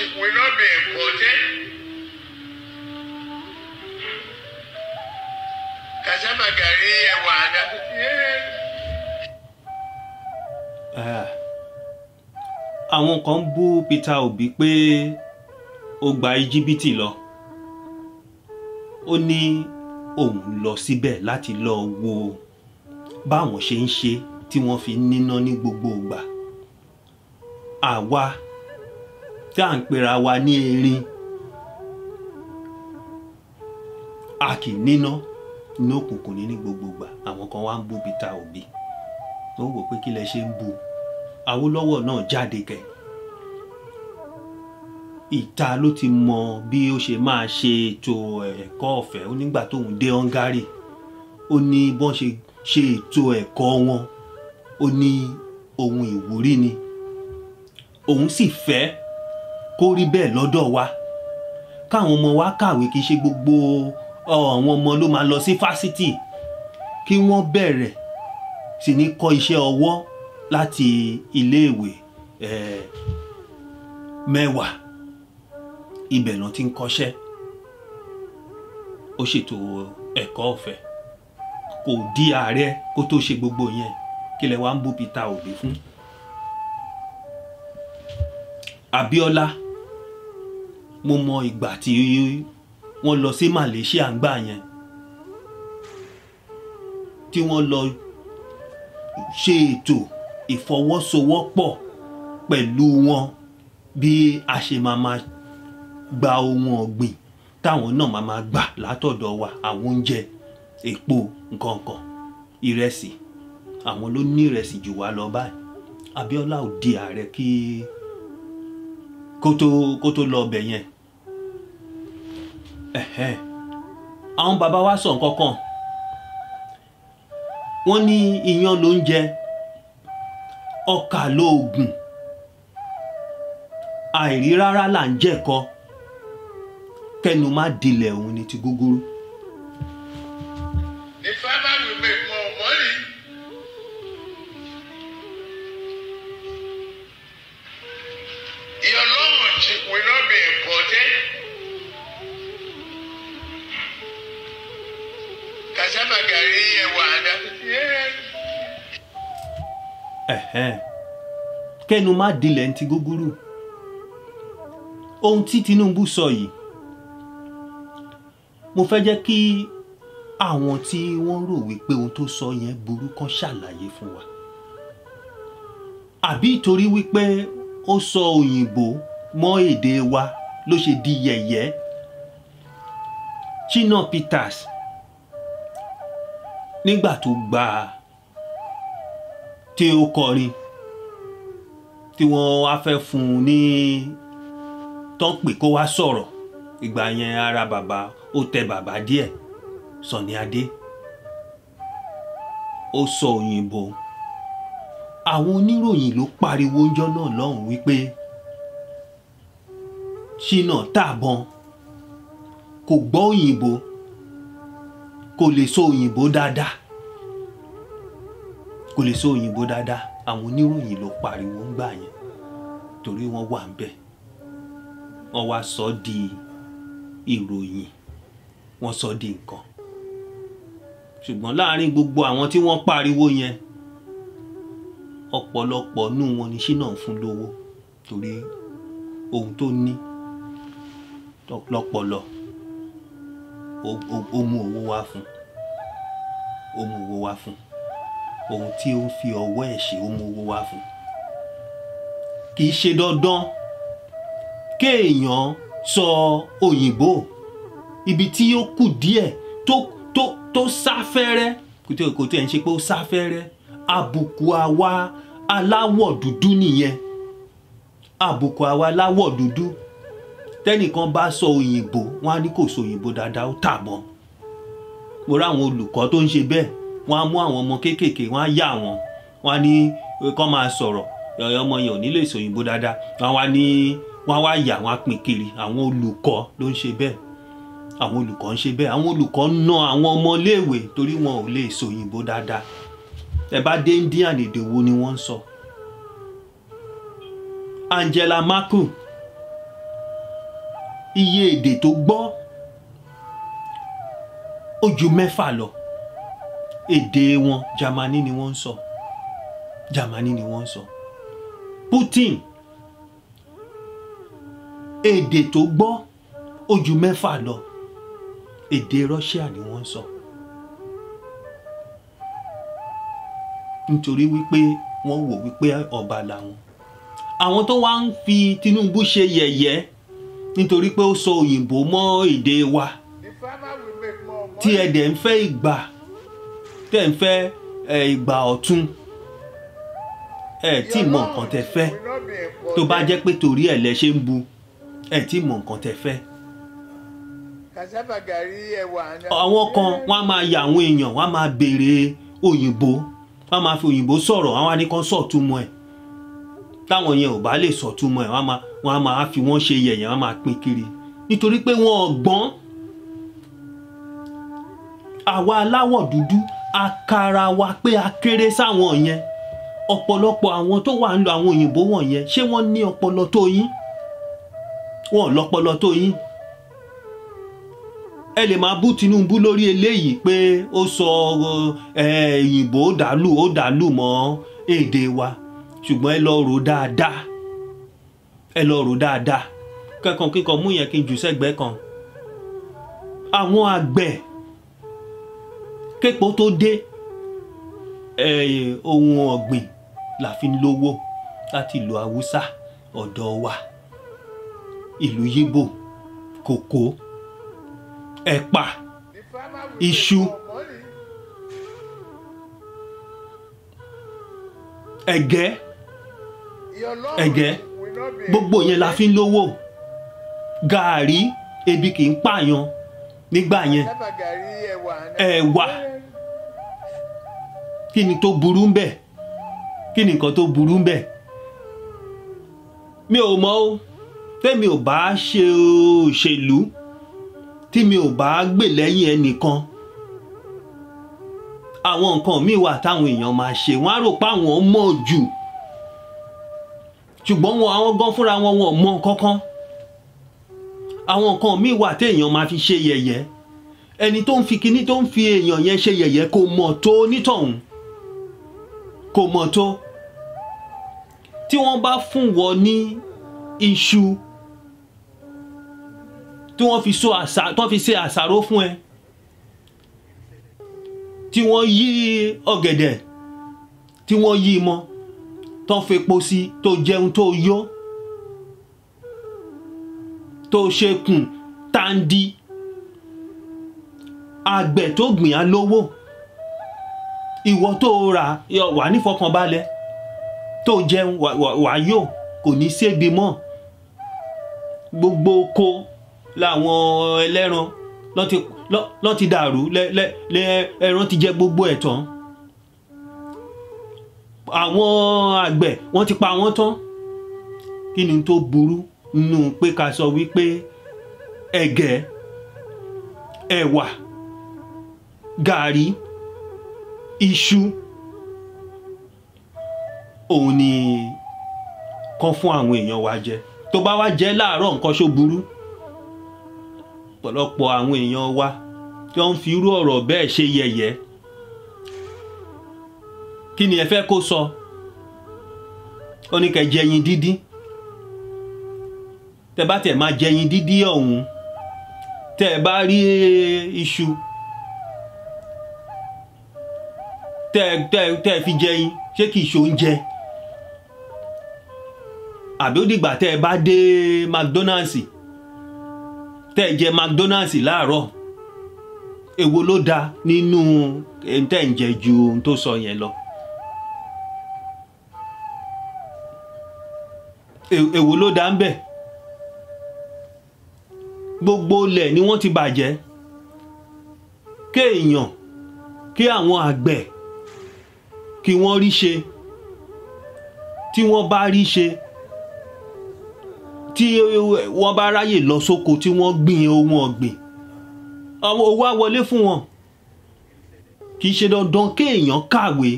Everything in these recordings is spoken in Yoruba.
worship will not be important. Cassava gari ẹ̀wà àdàbí. Ah. Àwọn kan ń bú Peter Obi pé ó gba Íjíbítì lọ. Ó ní òun lọ síbẹ̀ láti lọ wo báwọn ṣe ń ṣe tí wọ́n fi níná ní gbogbo ìgbà. Àwa tá à ń pera wa ní erin a kì í níná ní òkùnkùn ní ní gbogbogbà àwọn kan wá ń bú bíi ta òbí tó wò pé kí lẹ ṣe ń bu Awólọ́wọ̀ náà jáde kẹ ìta ló ti mọ bí ó ṣe máa ṣe ètò ẹ̀kọ́ ọ̀fẹ́ ó nígbà tóun dé Hungary ó ní bọ́n ṣe ṣe ètò ẹ̀kọ́ wọn ó ní ohun ìwúrí ni òun sì fẹ́ kó rí bẹ́ẹ̀ lọ́dọ̀ wa káwọn ọmọ wa kàwé kì í ṣe gbogbo àwọn ọmọ ló máa lọ sí fásitì kí wọ́n bẹ̀rẹ̀ sì ní kọ́ iṣẹ́ ọwọ́ láti iléèwé mẹ́wàá ibẹ̀ náà ti ń kọ́ṣẹ́ ó ṣètò ẹ̀kọ́ ọ̀fẹ́ kò di ààrẹ kó tó ṣe gbogbo yẹn kí lẹ wá ń bú Peter Obi fún. Mm -hmm. Abiola, mo mọ ìgbà tí wọ́n lọ sí Malaysia ń gbà yẹn tí wọ́n lọ ṣe ètò ìfọwọ́sowọ́pọ̀ pẹ̀lú wọn bí a ṣe máa ma gba ohun ọ̀gbìn táwọn náà máa ma gbà látọ̀dọ̀ wa àwọn oúnjẹ epo nkankan ìrẹsì àwọn ló ní ìrẹsì jù wá lọ báyìí Abíọ́lá ò di ààrẹ kí. Ki kó tó lọ ọbẹ yẹn ẹ̀hẹ́ àwọn baba wa sọ nǹkan kan wọ́n ní iyán ló ń jẹ ọkà lóògùn àìrí rárá là ń jẹ̀kọ kẹnu má dìlẹ̀ òun ni ti gúgúrú. ìfẹ́ bá dafa gàrí ẹ̀wà àdá. kẹ́nu má dilẹ̀ ń ti gúgúrú ohun tí Tinubu sọ yìí mo fẹ́ jẹ́ kí àwọn tí wọ́n rò wípé ohun tó sọ yẹn burú kan ṣàlàyé fún wa àbí torí wípé ó sọ òyìnbó mọ́ èdè wa ló ṣe di yẹ̀yẹ́ Shina Peters nígbà tó gbà á tí ó kọrin tí wọ́n wá fẹ́ fún un ní tán pè kó wá sọ̀rọ̀ ìgbà yẹn ara bàbá ó tẹ bàbá díẹ̀ Sunny Adé ó sọ òyìnbó àwọn oníròyìn ló pariwo ọjọ́ náà lọ́hùn wípé Ṣínà tàbọn kò gbọ́ òyìnbó kò lè sọ òyìnbó dáadáa kò lè sọ òyìnbó dáadáa àwọn oníròyìn ló pariwo ńgbà yẹn torí wọ́n wà ń bẹ̀ wọ́n wá sọ di ìròyìn wọ́n sọ di nǹkan ṣùgbọ́n láàárín gbogbo àwọn tí wọ́n pariwo yẹn ọ̀pọ̀lọpọ̀ nú wọn ni ṣínà ń fún lówó torí ohun tó ní lọ́pọ̀lọ ó mú owó wá fún un ó mú owó wá fún ohun tí ó ń fi ọwọ́ ẹ̀ ṣe ó mú owó wá fún kì í ṣe dandan kéèyàn sọ òyìnbó ibi tí ó kù díẹ̀ tó tó tó sáfẹ́rẹ́ kò tí kò tí ẹ̀ ń ṣe pé ó sáfẹ́rẹ́ àbùkù àwa aláwọ̀ dúdú nìyẹn àbùkù àwa aláwọ̀ dúdú tẹ́nìkan bá sọ òyìnbó wọn á ní kò sọ òyìnbó dáadáa ó tàbọn mo rá àwọn olùkọ́ tó ń ṣe bẹ́ẹ̀ wọ́n á mú àwọn ọmọ kéékèèké wọ́n á yà wọ́n wọ́n á ní kọ́ máa sọ̀rọ̀ ọmọ yẹn ò ní lè sòyìnbó dáadáa wọ́n á ní wọ́n á wá yà wọ́n á pín kiri àwọn olùkọ́ ló ń ṣe bẹ́ẹ̀ àwọn olùkọ́ ń ṣe bẹ́ẹ̀ àwọn olùkọ́ ń ná àwọn ọmọléèwé torí wọn ò lè sòyìnbó dáadáa ẹ bá dé Indian èdè wo ni wọ́n ń sọ Angela Merkel iye èdè tó gbọ́ ó ju mẹ́fà lọ èdè wọn Jámánì ni wọ́n ń sọ Jámánì ni wọ́n ń sọ Putin èdè tó gbọ́ ó ju mẹ́fà lọ èdè Russia ni wọ́n ń sọ nítorí wípé wọ́n wò wípé ọba làwọn àwọn tó wá ń fi Tinubu ṣe yẹ̀yẹ́ nítorí pé ó sọ òyìnbó mọ́ èdè wa tí ẹ dẹ̀ ń fẹ́ ìgbà tẹ̀ ń fẹ́ ìgbà ọ̀tun ẹ tí mọ nǹkan tẹ fẹ́ tó bá jẹ́ pé torí ẹ̀ lẹ ṣe ń bu ẹ tí mọ nǹkan tẹ fẹ́. àwọn kan wọ́n á máa yà àwọn èèyàn wọ́n á máa béèrè òyìnbó wọ́n á máa fi òyìnbó sọ̀rọ̀ àwọn anìkan sọ̀túnmọ̀ ẹ̀ táwọn yẹn ò bá lè sọ̀túnmọ̀ ẹ̀ wọ́n á máa fi wọ́n ṣe yẹ̀yẹ̀ wọ́n á máa pín kiri nítorí pé wọ́n gbọ́n àwa aláwọ̀ dúdú a wa pé a kéré sáwọn yẹn ọ̀pọ̀lọpọ̀ àwọn tó wà ń lo àwọn òyìnbó wọ̀nyẹn ṣé wọ́n ní ọpọlọ tó yín wọ́n lọ́pọlọ tó yín ẹ lè máa bú Tinubu lórí eléyìí pé ó sọ òyìnbó ó dàlú ó dàlú mọ́ èdè wa ṣùgbọ́n ẹ lọ rò dáadáa ẹ lọ rò dáadáa kẹ́kọ̀ọ́ kíkọ mú yẹn kí n jù sẹ́gbẹ́ kan àwọn àgbẹ̀ képo tó dé eh, ohun ọ̀gbìn la fi ń lówó láti ìlú haúsá ọ̀dọ̀ wa ìlú yíbò kòkó ẹ̀pà iṣu ẹ̀gẹ́ ẹ̀gẹ́ gbogbo yẹn la fi lówó gàárì ebi kì í pààyàn nígbà yẹn ẹ̀wà kí ni tó burú ń bẹ kí ni nǹkan tó burú ń bẹ mi ò mọ̀ o tẹ́mi ò bá ṣe òṣèlú tí mi ò bá gbè lẹ́yìn ẹnìkan àwọn nǹkan míì wà táwọn èèyàn máa ṣe wọ́n á rò pé àwọn mọ̀ jù ṣùgbọ́n wọn àwọn gan fúnra wọn wọn mọ̀ kankan àwọn nǹkan míì wà téèyàn máa fi ṣe yẹ̀yẹ́ ẹni tó ń fi kinní tó ń fi èèyàn yẹn ṣe yẹ̀yẹ́ kò mọ̀ tó nítọ̀hún kò mọ̀ tó tí wọ́n bá fún wọ ní iṣu tí wọ́n fi so àṣà tí wọ́n fi ṣe àṣàrò fún ẹ tí wọ́n yí ọ̀gẹ̀dẹ̀ tí wọ́n yí mọ́ tó ń fepo sí tó jẹun tó yó tó ṣe tandi tàǹdì àgbẹ̀ tó gbìn á lówó ìwọ tó rà wà nífọ̀kànbalẹ̀ tó jẹun wà yóò kò ní sébi mọ́ gbogbo oko làwọn ẹlẹ́ran lọ́n ti dàrú ẹran ti jẹ gbogbo ẹ̀ tán àwọn àgbẹ̀ wọ́n ti pa wọ́n tán kí ni tó burú nù pé ká sọ wípé ẹ̀gẹ́ ẹ̀wà gàrí iṣu òun ni kán fún àwọn èèyàn wa jẹ tó bá wá jẹ láàárọ̀ nǹkan ṣó burú pọ̀lọpọ̀ àwọn èèyàn wa tí wọ́n ń fi irú ọ̀rọ̀ bẹ́ẹ̀ ṣe yẹ̀yẹ́ kí ni ẹ fẹ́ kó sọ ó ní kẹ́ jẹ dídín tẹ bá tẹ máa jẹyin dídí ọ̀hún tẹ bá rí iṣu tẹ tẹ tẹ fi jẹyin ṣé kì í ṣe oúnjẹ àbí ó dìgbà tẹ bá dé McDonald's tẹ jẹ McDonald's láàárọ̀ èwo ló da nínú tẹ ń jẹ ju ohun tó sọ yẹn lọ. èwo ló da ń bẹ̀ gbogbo ilẹ̀ ni wọ́n ti bàjẹ́ kéèyàn kí àwọn àgbẹ̀ kí wọ́n rí ṣe tí wọ́n bá rí ṣe tí wọ́n bá ráyè lọ sóko tí wọ́n gbìn ohun ọ̀gbìn owó á wọlé fún wọn kì í ṣe dandan kéèyàn kàwé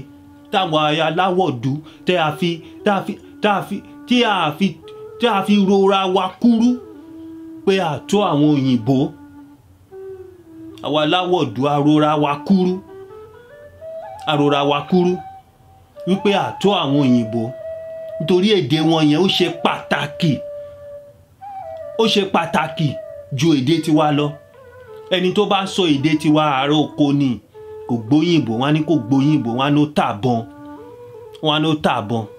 táwọn aláwọ̀ dú tẹ́ a fi tá a fi tá a fi tí a fi rora wa kúrú pé àtó àwọn òyìnbó àwa aláwọ̀dù arora wa kúrú arora wa kúrú wípé àtó àwọn òyìnbó nítorí èdè wọn yẹn ó ṣe pàtàkì ó ṣe pàtàkì ju èdè tiwa lọ ẹni tó bá sọ èdè tiwa àárọ̀ oko ni kò gbóyìnbó wọn á ní kò gbóyìnbó wọn á ní ó tàbọn wọn á ní ó tàbọn